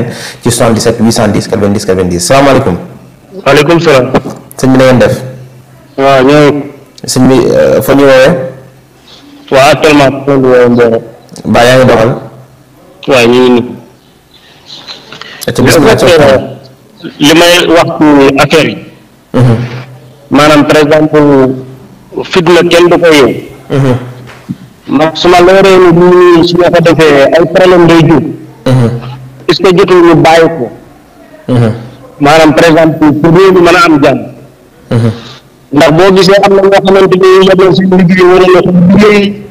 nen ci 77 810 90 90 salaamaaleykum. maaleykum salaam. sëñ bi na ngeen def. waaw ñëw. sëñ bi euh, fa ñu woowee. waaw actuellement fi yaa ngi doxal. waaw ñu ngi nii. Euh, li may wax ci yi. Mhm. maanaam par exemple fitna kenn du ko yow. Mhm. su ma leeree ni bu su ma ko defee ay problème day jur. Mhm. est-ce que jotul bàyyi ko. Uh-huh. maanaam par exemple pour réew mi a am jàmm. Uh-huh. ndax boo gisee am na ñoo xamante ni ñu demoon seen war a nekk liggéey.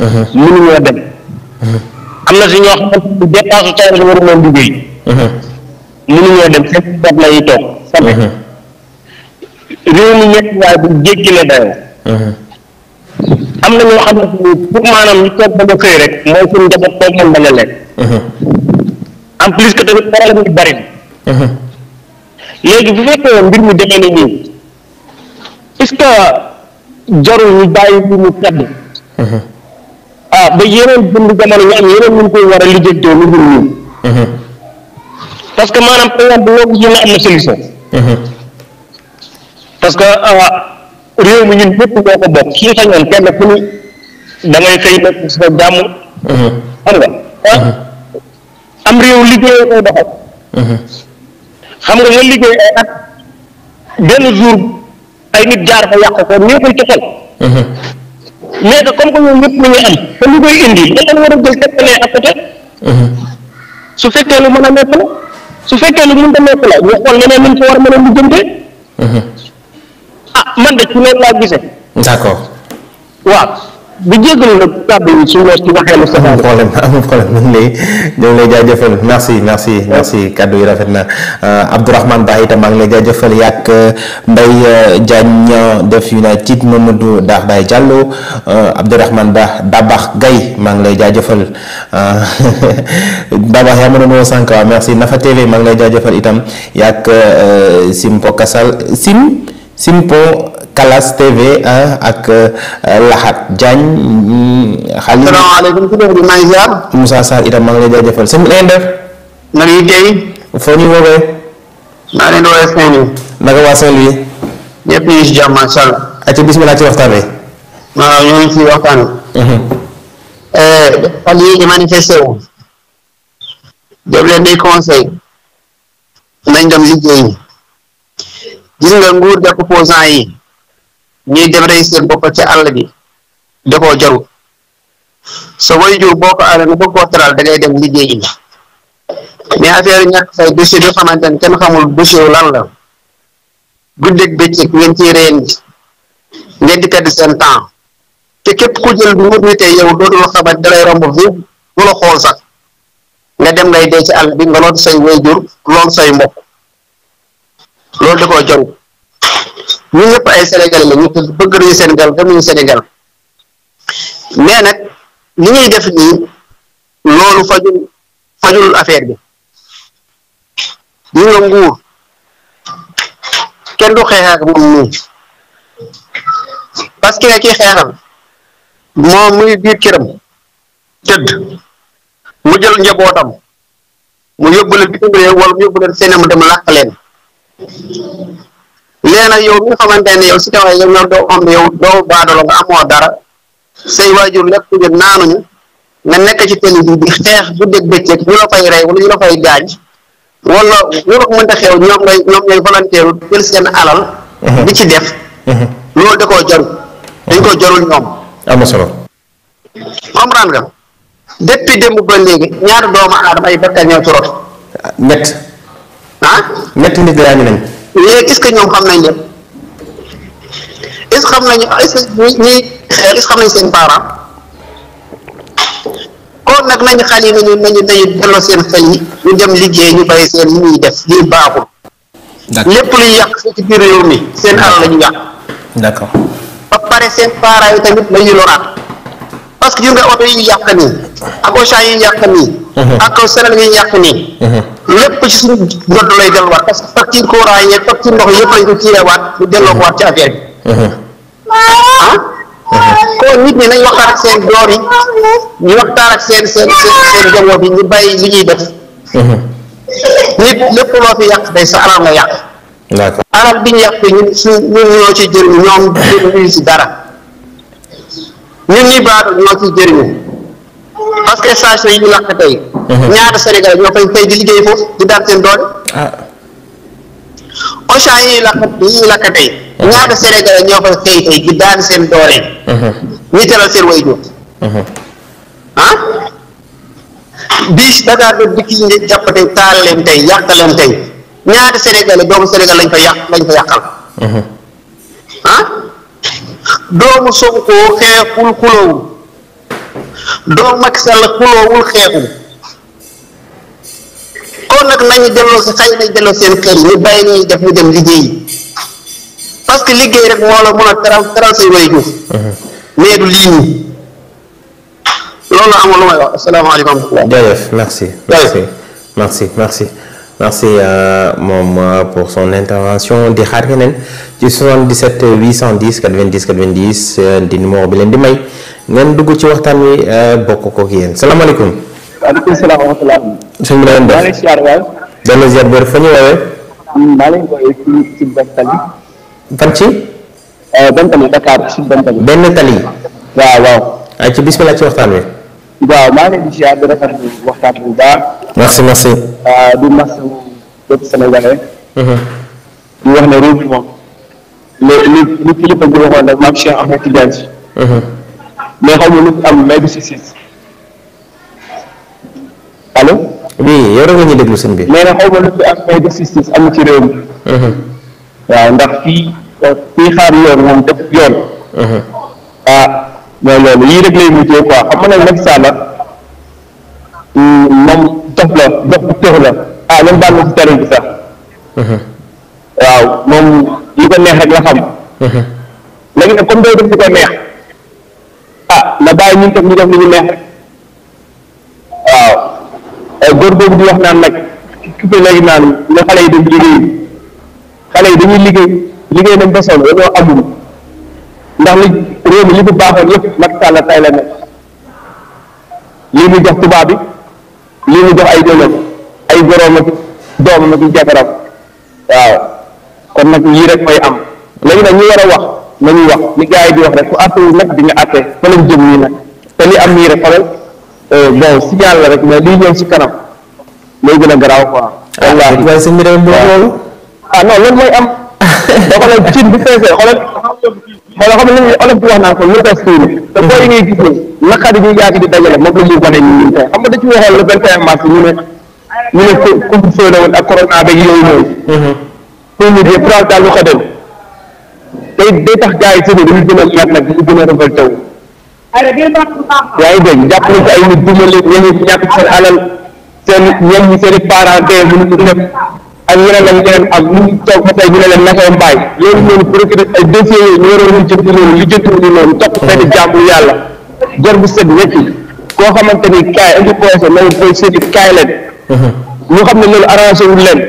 Uh-huh. mënuñoo dem. am na si ñoo xamante ni dépense tey rek waruñoo liggéey. mënuñoo dem seen bopp la toog. réew mi ñett am na ñoo xamante ni pour maanaam ñu toog ba nga xëy a lekk. en plus que tamit problème yi bëri na. léegi bu fekkee mbir mu demee na nii est-ce que jarul ñu bàyyi mbir mu tedd. ah ba yeneen dund jamono ñu am yeneen ñu koy war a lijjantee lu dul nii. parce que maanaam période boobu ñu ne am na solution. parce que ah, réew mi ñun ñëpp ñoo ko bokk kii kenn ku ni da ngay xëy nekk jàmm. xam nga. Ah, am réew liggéey koy doxal mhm. xam nga nga liggéey ay at benn jour ay nit jaar fa yàq ko néew koy kesel mais ko comme que ñoom ñëpp mu am te lu koy indi da war a jël tegtalee à côté mhm. su fekkee lu mën a nekk la su fekkee lu mënta nekk la ñu xool leneen luñ fa war mën a mujjante mhm. ah man de ci loolu laa gisee d'accord waaw di jégalu nag kàddu yi suñu ci waxee lu sax. amul problème amul problème ñu ngi lay ñu ngi lay jaajëfal merci merci merci kàddu yi rafet na euh, Abdourahmane Ba itam maa ngi lay jaajëfal yàgg euh, Mbaye euh, Diagne def United Mamadou Daax Baye Diallo Abdourahmane Ba Dabax Gaye maa ngi lay jaajëfal Dabax yaa ma merci Nafa TV maa ngi lay jaajëfal itam yàgg Simpo Kasal Sim Simpo. Kalas TV ak euh, Lahat Diagne. xaalis salaamaaleykum ku nekk maa ngi ziar. Moussa Sarr itam maa ngi lay jaajëfal sëñ bi na ngeen def. foo ñu woowee. maa leen woowee Saint-Louis. naka waa Saint-Louis. ñëpp ñu ngi si ci waxtaan bi. waaw ñoo ngi ciy waxtaan. Mhm. Eh, fan yii ñu manifesté wu. leen di conseil. nañ dem liggéeyi. gis nga nguur gi ak yi. ñuy dem rey seen bopp ci àll bi da koo jarul sa waajur boo ko aaree nga bëgg koo teral da ngay dem liggéeyi mais affaire ñàkk fay dossier bi xamante ne kenn xamul dossier lan la guddeeg bëccëg ngeen ciy reen bi ngeen di perdre seen temps te képp ku jël bu nit tey yow dootul xamat da lay romb fi du la xool sax nga dem ngay dee ci àll bi nga lool say lool say mbokk loolu da koo ñun ñëpp ay Sénégalais la ñu bëgg nañu Sénégal gëm nag ñu ñuy def nii loolu fajul fajul affaire bi ñu nga nguur kenn du xeex que nga xeexal moom muy biir këram tëdd mu jël njabootam mu yóbbu leen bitim réew wala mu yóbbu leen seenam dem léegi nag yow mi xamante ne yow si taw yow nag doo dara say waajur lekk ñu naanuñu nga nekk ci télé xeex bu dégg bëccëg ñu la fay rey wala ñu la ñoom ngay ñoom ñooy volontaire alal. di ci def. loolu da koo jarul. dañ koo jarul ñoom. am na solo. comprendre nga depuis démb ba léegi ñaari doomu aadama ay bakkan ñoo ci rot. ñett. ah ñett nit mais est-ce que ñoom xam nañ lépp est que xam nañu est-ce xam nañ seen parent kon nag nañu xal yi nañu nañu nañu delloo seen xel yi ñu dem liggéey ñu bàyyi seen li ñuy def lii baaxul. lépp luy yàq ci biir réew mi seen alal la ñu yàq. d'accord ba pare seen parent yi tamit la ñuy loraat parce que yu nga oto yi ñu yàq nii ak Auchan yi ñu yàq nii. Mhm. lépp ci suñu ndodd lay delluwaat parce que facture ndox yëpp lañ ko tiirewaat ñu delloo ko waat ci affaire bi ah nit ñi nañ waxtaan ak seen door yi ñu waxtaan ak seen seen seen seen jamono bi ñu bàyyi li ñuy def nit lépp loo fi yàq day sa alal nga yàq alal bi ñu yàq bi ñoo ci jëriñu ñoom jëriñu si dara ñun ñi baatu ñoo ci jëriñu parce que station yi ñu lakk tey. Mhm. ñaata Sénégalais ñoo fay fay di liggéey foofu di daan seen doole. Auchan ah. yi ñuy yi ñuy tey. Mhm. ñaata Sénégalais ñoo fay xëy seen doole. Mhm. ñu teral seen waajur. ah tey taal leen tey yàq leen tey ñaata Sénégalais doomu Sénégal lañ fa yàq lañ fa yàqal. ah doomu Sonko xeexul xulóowul. doo Macky Sall xuloowul xeexul kon nag nañu delloo si xëy na delloo seen kër yi ñu bàyyi ñuy def ñu dem liggéeyi parce que liggéey rek moo la mën a taral taral say way juuf mhm. mais du lii nii loolu amul lu may wax asalaamaaleykum jërëjëf merci merci merci merci merci euh, moom euh, pour son intervention di xaar yeneen ci 77 810 90 90 di numéro bi leen di may ngeen dugg ci waxtaan wi eh, bokk ko ak yéen salaamaaleykum. waaleykum salaam bi na leen def maa bu wér fa ñu woowee. Mm, maa ngi woowee ci ci eh, ah, ci. waxtaan wi. waaw maa ngi leen di ziar di rafetlu waxtaan bu baax. merci merci. Ah, di masawu bépp Sénégalais. Mhm. di wax ne réew moom. li li li kilifa gi waxoon rek maam Cheikh Ahmed Tidiane. mais xaw ma lu am may bi si siis allo. oui yow da nga ñuy déglu seen bi. mais nag xaw ma lu am may bi si siis am ci réew mi. Mhm. waaw ndax fii fii xaar yoon moom def yoon. Mhm. ah yii rek mm, moom dof la dof bu tëx la ah même baal na si bi sax. Mhm. waaw moom li ko neex rek la xam. léegi nag comme day def li ko neex. ah na bàyyi ñun tam ñu def li ñu neex rek waaw góor boobu di wax naan nag ki ko léegi yi dañ liggéey xale yi dañuy liggéey liggéey nañ ba sonn dañoo amul ndax li réew mi li bu baaxoon nag Macky Sall tay la nekk lii muy jox tubaab bi lii muy jox ay dënam ay goroom ak doomam ak jakaram waaw kon nag yii rek mooy am léegi nag ñu war a wax la ñuy wax ni gars yi di wax rek ku àttewul nag bi nga àtte fa lañ jëm nii nag te li am nii rek xoolal euh, bon signal la rek mais liy ñëw si kanam mooy gën a garaaw quoi. wallaahi ah, waaye sëñ bi dem loolu. ah non loolu mooy am. ba xoolal cin bu feesee xoolal xoolal xam nga olof bi wax naan ko lu tax suuna. te boo yi ngay naqari ñu yaatu di dajale moom la ñuy wane ñu ñun tey xam nga da ci waxoon le 21 mars ñu ne mu ne couvre-feu la woon ak corona beeg yooyu noonu. pour ñu dee daal lu ko day day tax gars yi sëñ dañuy gën a ñàkk nag dañuy gën a révolté wu. yaa ngi dégg jàpp nañ ko ay nit duma leen ñeneen ñàkk seen alal seen ñenn ñi seen i parents tey mënuñ ko def ak ñeneen ak ñeneen ak ñu toog ba tey ñu ne leen naka mbaay loolu noonu procureur ay dossiers yooyu ñu waroon lijjanti noonu lijjanti wu ñu noonu topp yàlla jor bu sëg wecc koo xamante ni kaay indi poche nañu koy seeti kaay leen ñu xam ne loolu arrangé wul leen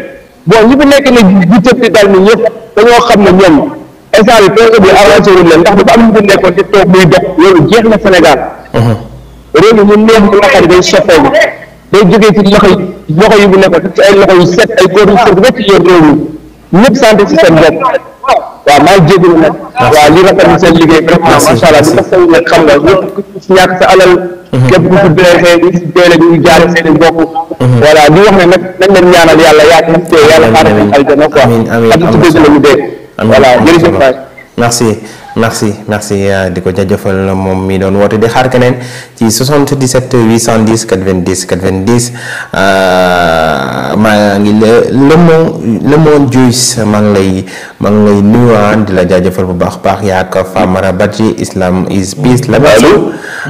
bon ñi fi nekk ne bu tëb di dal ni ñëpp dañoo xam ne ñoom état bi projet bi avancé wuñ leen ndax dafa am ñu nekkoon ci toog muy dox loolu jeex na Sénégal uh-huh. réew mi ñu neex mu naqari day soppee day jógee ci loxo yi loxo yi bu nekkoon ci ay loxo yu set ay góor yu set wecc yor réew mi ñëpp sant ci seen bopp waaw maa ngi jégalu nag li rafet na seen li tax seen nag xam nga ñëpp ku ci ñàkk sa alal uh-huh. képp ku ci béyee ñu si béyee ñu jaare seen i mbokk uh-huh. voilà di wax ne nag nañ leen ñaanal yàlla yaa ngi tee yàlla xaaral aljana quoi xam ci dëgg la ñu voilà jërëjëf Faye merci merci merci euh, di ko la moom mi doon woote di xaar keneen ci 77 810 90 90 maa ngi la lëmoo lëmoo Juice maa ngi lay maa ngi lay nuyuwaan ah, di la jaajëfal bu baax baax yaa ak Famara Badji Islam is peace la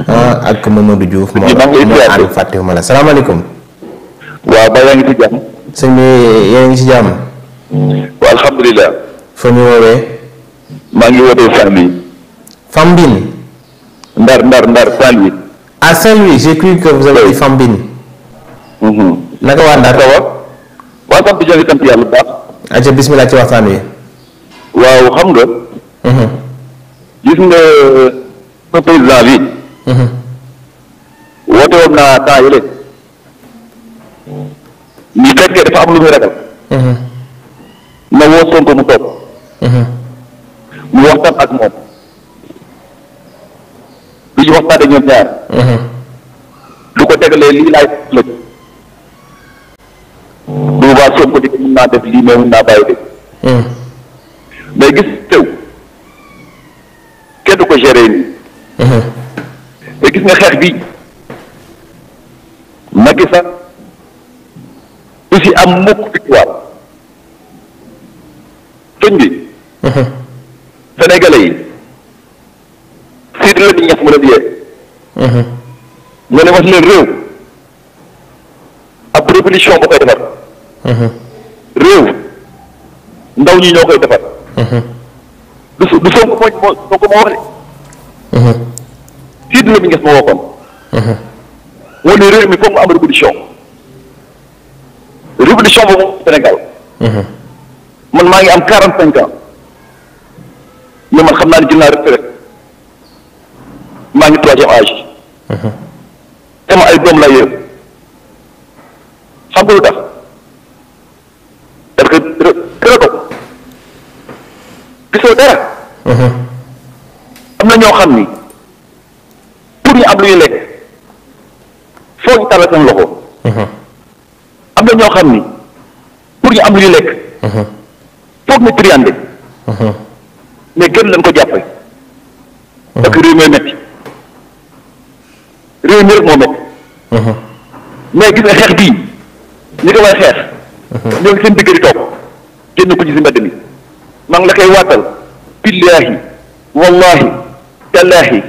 ah, ak Mamadou Diouf moo moo ànd fàttewuma la salaamaaleykum waaw ba yaa ngi ci jàmm sëñ bi yaa ngi ci jàmm wa alhamdulilah fa ñu woowee. maa ngi wootee Saint-Louis. Fambine. Ndar Ndar Ndar Saint-Louis. ah Saint-Louis j'ai cru que vous avez mhm. naka waa Ndar. waaw sant ñoo ngi sant yàlla bu baax. aja ah, bismillah ci waxtaan wi. waaw xam nga. Mhm. gis nga sa euh, président bi. Mhm. woote woon naa temps yële. ñu fekkee dafa am lu muy ragal. na woo Sonko toog. mu waxtaan ak moom lu ñu waxtaanee ñoom ñaar. ko tegalee lii laay la bu boobaa Sonko di mun naa def lii mais mun naa bàyyi dégg. mais gis tew kenn du ko gérer nii. mais gis nga xeex bi Macky Sall du si am mukk victoire tuñ Sénégalais yi Sidi la ñu ñax mën a biyee. ñu ne wax leen réew ab révolution ba koy defar. réew ndaw ñi ñoo koy defar. du du Sonko moo moo Sonko moo wax de. Sidi la ñu ñax ma waxoon. moo ne réew mi foog mu am révolution révolution boobu Sénégal. man maa ngi am quarante cinq ans. mais man xam naa ne jël naa retraite maa ngi troisième âge. Uh-huh. ay doom laa yërëm xam nga uh-huh. am na ñoo xam ni pour ñu am lu ñu lekk foog ñu tàllal seen loxo. Uh-huh. am na ñoo xam ni pour ñu am lu lekk. foog ñu triandé. mais kenn lañ ko jàppee. parce que réew mi métti mi rek moo métti. mais xeex bii ñi ko war a xeex. ñoo ngi seen digg di toog génn ko ci si mbedd mi maa ngi la koy waatal billaahi wallaahi tallaahi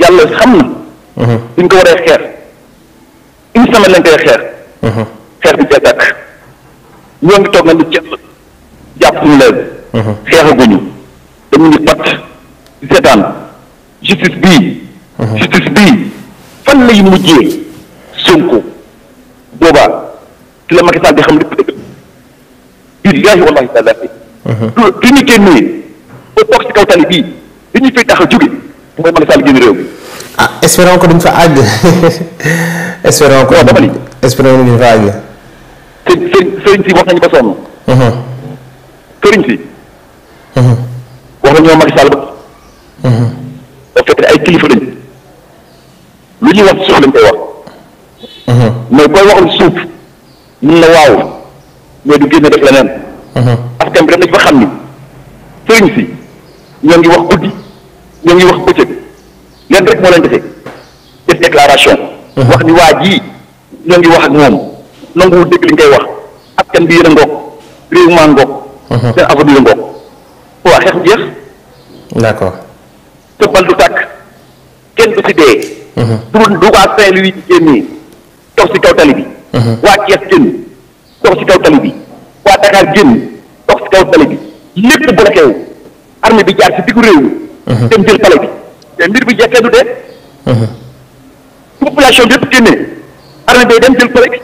yàlla xam na. duñ ko war a xeex une semaine lañ koy xeex. xeex bi jeex dàq ñoo ngi toog na lu jàpp jàpp suñu xeexaguñu. te mu ngi pat di seetaan justice bii mhm. justice bii fan lay mujjee Sonko boobaa ci la Macky Sall di xam lépp dëgg billaahi wallaahi taala mhm. du du ñu génnee ba toog ci kaw tali bii li ñu fiy tax a jóge mooy Macky Sall génn réew ah espérons que duñ fa àgg espérons que espérons fa àgg sëriñ wax nañu ba sonn mhm. sëriñ wax ñoo Macky Sall ba. ba mm-hmm. fekk ay kilifa lañ lu ñuy wax suuf lañ koy wax. Mm-hmm. mais booy waxul suuf ñun la waaw mais du génne def leneen. askan bi dem nañ fa xam ni sëriñ si ñoo ngi wax guddi ñoo ngi wax bëccëg leen rek moo leen dese def déclaration. Mm-hmm. wax ni waa jii ñoo ngi wax ak moom nanguwul dégg li ngay wax askan bi yéen a ngoog réew maa ngoog. seen avenir ngoog. waa xeex bu jeex. d'accord. te du tàkk kenn du si dee. du mhm. du waa Saint-Louis di génn nii toog si kaw tali bi. Mhm. waa Thiès génn toog si kaw tali bi waa Dakar génn toog si kaw tali bi lépp bloqué wu armée bi jaar si diggu réew mhm. dem jël palais bi te mbir bi jeexee du dee. population bi yëpp génne armée bi dem jël palais bi.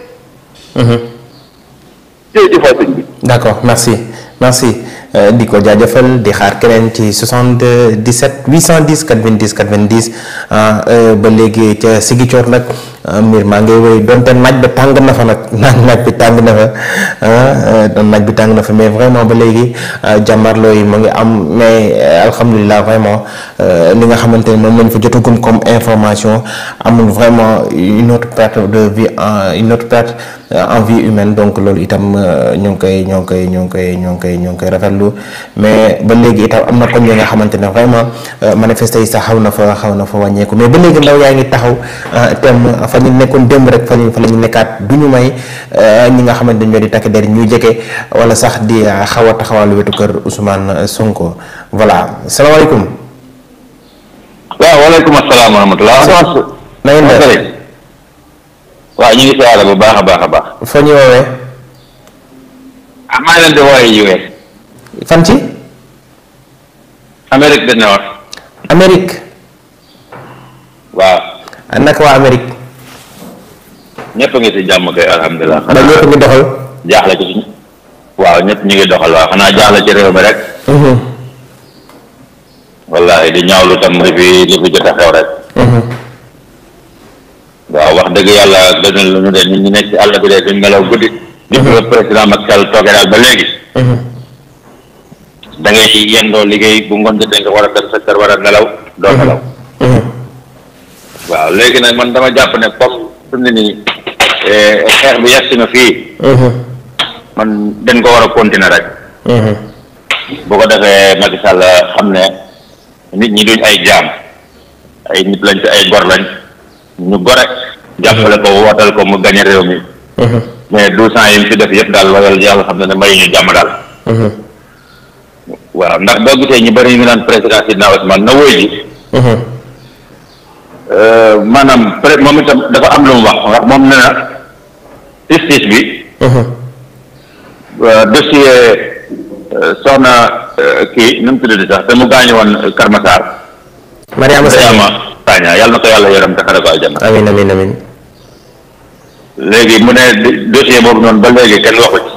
jërëjëf waay bi. d'accord merci merci. Euh, di ko jaajëfal di xaar keneen ci 77 810 90 90 ba léegi ca Sigicoor nag Ah, mbir maa ngay wéy donte naaj ba tàng na fa nag naaj bi tàng na fa naaj bi tàng na fa mais vraiment ba léegi ah, jàmmarloo yi mu ngi am mais eh, alhamdulilah vraiment eh, li nga xamante ne moom lañ fa jotagum comme information amul vraiment une autre perte de vie une autre perte eh, en vie humaine donc loolu itam ñoo ngi koy ñoo ngi koy ñoo ngi koy ñoo ngi koy ñoo ngi koy rafetlu mais ba léegi itam am na koñ yi nga xamante ne vraiment manifesté yi sax xaw na fa xaw na fa wàññeeku mais ba léegi ndaw fa nekkoon démb rek fa ñu nekkaat du ñu may euh, ñi nga xamante ne ñoo di takk der ñuy jege wala sax di euh, xaw a wetu kër Ousmane Sonko voilà salaamaaleykum. waaw waaleykum ñu ngi siyaare bu baax a baax a baax. fa ñu woowee. ah fan ci. Amérique du Nord. Amérique. waaw. ñëpp a ngi si jàmm kay alhamdulilah. xanaa a ngi doxal. jaaxle ci suñu. waaw ñëpp ñu ngi doxal waaw xanaa jaaxle ci réew mi rek. Mm-hmm. wallaahi di ñaawlu tam li fi li xew rek. Mm-hmm. waaw wax dëgg yàlla gënal lu ñu de nit ñi nekk ci àll bi de duñ melaw guddi. li mm-hmm. fi président Macky Sall toogee daal ba léegi. da ngay yendoo liggéey bu ngoon jotee nga war a dem sa kër war a nelaw doo nelaw. waaw léegi nag man dama jàpp ne comme fi nii Eh, xeex bu yegg si na fii. Uh-huh. man dañ ko war a continer rek. Uh-huh. boo ko defee Macky Sall xam ne nit ñi duñ ay jaam ay nit lañ te ay gor lañ ñu gore jàppale ko wootal ko mu gañe réew mi. Uh-huh. mais douze ans yi mu fi def yëpp daal loolu yàlla xam ne ne may jàmm daal. waaw ndax doo gisee ñu bëri ñu ngi naan président Sidna Ousmane na wóy ji. Euh, maanaam peut moom itam dafa am lu wax ndax moom nee justice bi. Uh-huh. Euh, dossier euh, soxna euh, kii nu mu tuddati sax te mu gaañu woon Kër Massar. Mariama Sagna yàlla na ko yàlla yërëm te xare ko aljanna. amiin amiin léegi mu ne dossier boobu noonu ba léegi kenn waxu ci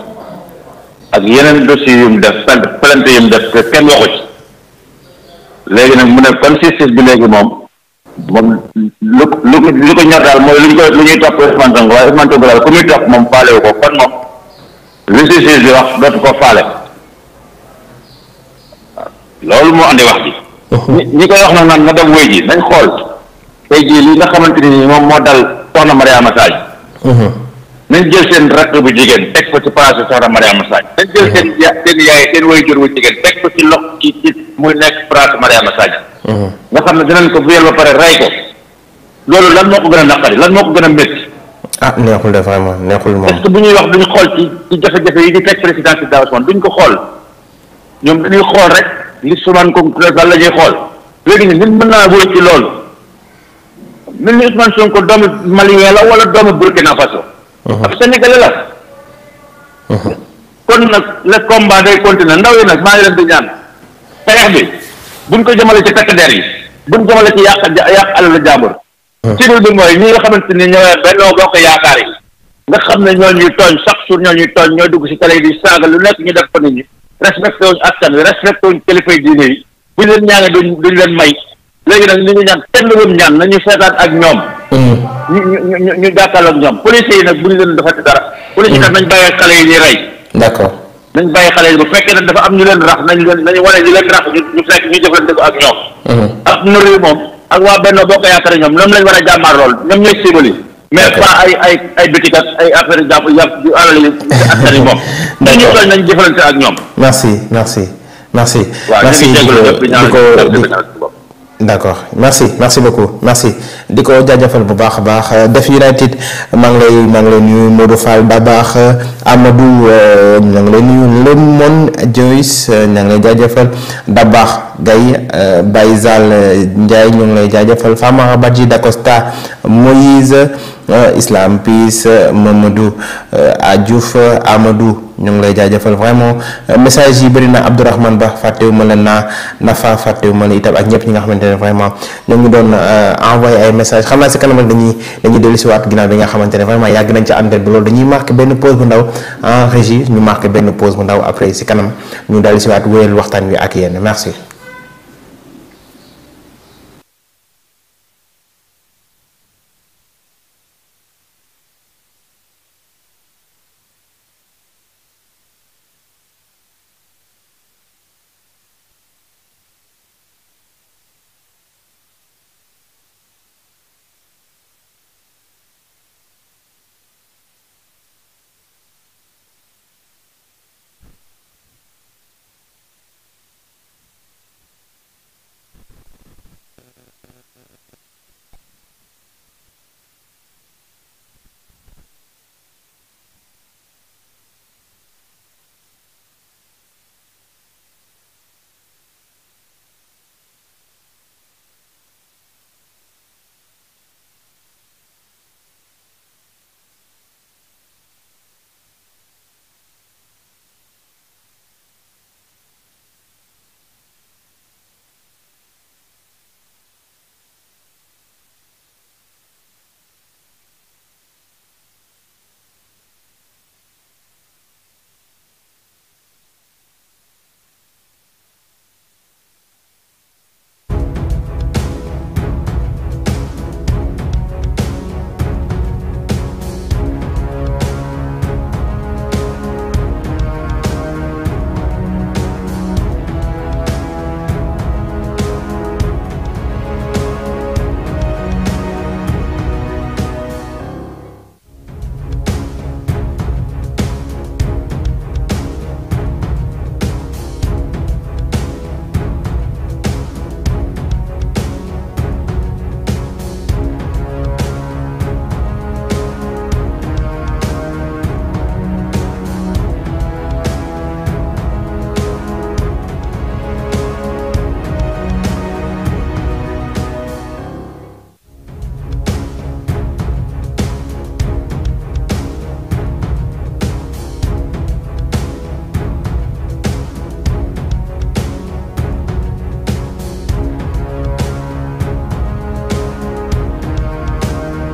ak yeneen dossier yu def plainte yu mu def kenn waxu ci léegi nag mu ne kon justice bi léegi moom. moom lu lu lu ko ñor daal mooy lu ñu ko lu ñuy topp Ousmane Sonko waaye Ousmane Sonko daal ku muy topp moom faale ko kon moom lu si si di wax dootu loolu moo andi wax ji. Uh-huh. ñi ñi koy wax na naan na dem wéy ji nañ xool tey jii lii nga xamante ni moom moo dal soxna Mariama Sagne. Uh-huh. nañ jël seen rakk bu jigéen teg ko ci place soxna Mariama Sagne. nañ jël seen ya seen yaay seen wéy jur bu jigéen ci lox ci ci muy nekk place Mariama Sadio uh-huh. nga xam ne dinañ ko buyal ba pare rey ko loolu lan moo ko gën a naqari lan moo ko gën a métti ah neexul de vraiment neexul moom est-ce ñuy wax duñu xool ci ci jafe-jafe yi di teg président si da Ousmane duñ ko xool ñoom dañuy xool rek li Ousmane Sonko la ñuy xool léegi ne nit mën naa wóor ci loolu mel ni Ousmane Sonko doomu malien la wala doomu Burkina Faso uh-huh. ab Sénégalais la uh-huh. kon nag le combat day continuer ndaw yi nag maa ngi leen di ñaan xeex bi buñ ko jëmale ci takk der yi buñ jëmale ci yàq yàq alalu jàmbur. Ah. civil bi mooy ñi nga xamante ni ñooy Benno Bokk Yaakaar yi nga xam ne ñoo ñuy tooñ chaque jour ñoo ñuy tooñ ñoo dugg si télé di saaga lu nekk ñu def ko nit ñi respecté wuñ askan wi respecté wuñ kilifa yi diine yi buñ leen ñaanee duñ duñ leen may léegi nag li ñu ñaan kenn lu ñaan nañu seetaan ak ñoom. Hmm. ñu ñu ñu ñu jàkkaarloo ak ñoom police yi nag buñ leen defati dara. Hmm. police yi nañ bàyyi xale yi ñuy rey. d'accord nañ bàyyi xale yi bu fekkee ne dafa am ñu leen rax nañ leen nañu wane ñu leen rax ñu ñu fekk ñu jëflante ko ak ñoom. Mhm. ak nu réew moom ak waa benn boo ko yaakaaree ñoom ñoom lañ war a jàmmaar lool ñoom ñooy sébali. mais pas ay ay ay bitik ak ay affaire jàpp yàpp yu alal yi askan yi moom. ndax ñu toll nañ jëflante ak ñoom. merci merci merci. merci di ko di ko d'accord merci merci beaucoup merci di ko jaajëfal bu baax a baax def United maa ngi lay maa ngi lay nuyu Modou Fall ba baax Amadou ña euh, ngi lay nuyu Lemon Joyce ña euh, ngi lay jaajëfal da baax Gaye euh, Baye Zal Ndiaye ñu ngi lay jaajëfal Famara Badji Dacosta Moïse Euh, Islam Peace euh, Mamadou Adiouf euh, Amadou ñu ngi lay jaajëfal vraiment message yi bëri na Abdourahmane Ba fàttewuma leen naa Nafa fàttewuma leen itam ak ñëpp ñi nga xamante ne vraiment ñoo ngi doon envoyé ay message xam naa si kanam dañuy dañuy dellu si waat ginnaaw bi nga xamante ne vriment yàgg nañ ci antenne bi loolu dañuy marqué benn pause bu ndaw en régie ñu marqué benn pause bu ndaw après si kanam ñu dellu si waat wéyal waxtaan wi ak yéen merci.